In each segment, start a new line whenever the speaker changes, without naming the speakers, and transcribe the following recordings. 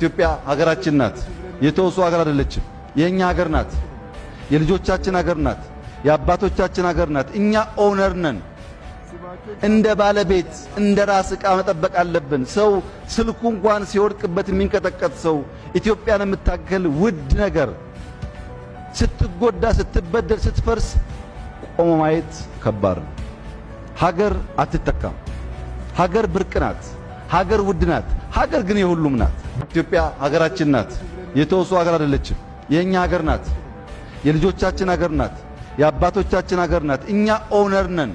ኢትዮጵያ ሀገራችን ናት። የተወሱ ሀገር አይደለችም። የእኛ ሀገር ናት። የልጆቻችን ሀገር ናት። የአባቶቻችን ሀገር ናት። እኛ ኦነር ነን። እንደ ባለቤት እንደ ራስ ዕቃ መጠበቅ አለብን። ሰው ስልኩ እንኳን ሲወድቅበት የሚንቀጠቀጥ ሰው ኢትዮጵያን የምታገል ውድ ነገር ስትጎዳ፣ ስትበደል፣ ስትፈርስ ቆሞ ማየት ከባድ ነው። ሀገር አትተካም። ሀገር ብርቅ ናት። ሀገር ውድ ናት። ሀገር ግን የሁሉም ናት። ኢትዮጵያ ሀገራችን ናት። የተወሱ ሀገር አይደለችም። የእኛ ሀገር ናት። የልጆቻችን ሀገር ናት። የአባቶቻችን ሀገር ናት። እኛ ኦነር ነን።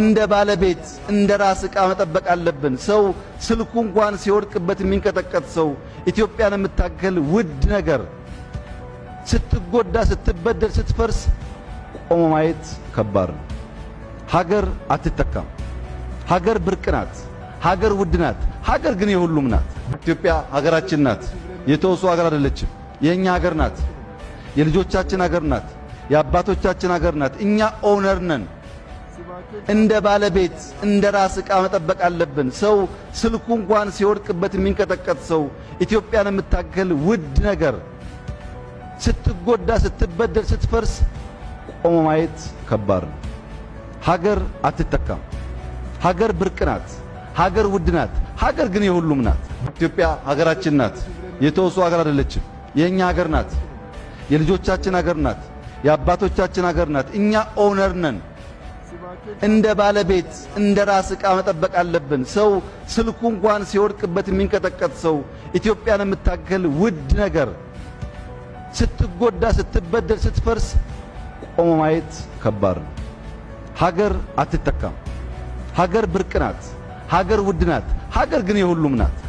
እንደ ባለቤት እንደ ራስ ዕቃ መጠበቅ አለብን። ሰው ስልኩ እንኳን ሲወድቅበት የሚንቀጠቀጥ ሰው ኢትዮጵያን የምታገል ውድ ነገር ስትጎዳ፣ ስትበደል፣ ስትፈርስ ቆሞ ማየት ከባድ ነው። ሀገር አትተካም። ሀገር ብርቅ ናት። ሀገር ውድ ናት። ሀገር ግን የሁሉም ናት። ኢትዮጵያ ሀገራችን ናት። የተወሱ ሀገር አይደለችም። የእኛ ሀገር ናት። የልጆቻችን ሀገር ናት። የአባቶቻችን ሀገር ናት። እኛ ኦነር ነን። እንደ ባለቤት እንደ ራስ ዕቃ መጠበቅ አለብን። ሰው ስልኩ እንኳን ሲወድቅበት የሚንቀጠቀጥ ሰው ኢትዮጵያን የምታገል ውድ ነገር ስትጎዳ፣ ስትበደል፣ ስትፈርስ ቆሞ ማየት ከባድ ነው። ሀገር አትተካም። ሀገር ብርቅ ናት። ሀገር ውድ ናት። ሀገር ግን የሁሉም ናት። ኢትዮጵያ ሀገራችን ናት። የተወሱ ሀገር አይደለችም። የእኛ ሀገር ናት። የልጆቻችን ሀገር ናት። የአባቶቻችን ሀገር ናት። እኛ ኦነር ነን። እንደ ባለቤት እንደ ራስ ዕቃ መጠበቅ አለብን። ሰው ስልኩ እንኳን ሲወድቅበት የሚንቀጠቀጥ ሰው ኢትዮጵያን የምታገል ውድ ነገር ስትጎዳ፣ ስትበደል፣ ስትፈርስ ቆሞ ማየት ከባድ ነው። ሀገር አትተካም። ሀገር ብርቅ ናት። ሀገር ውድ ናት። ሀገር ግን የሁሉም ናት።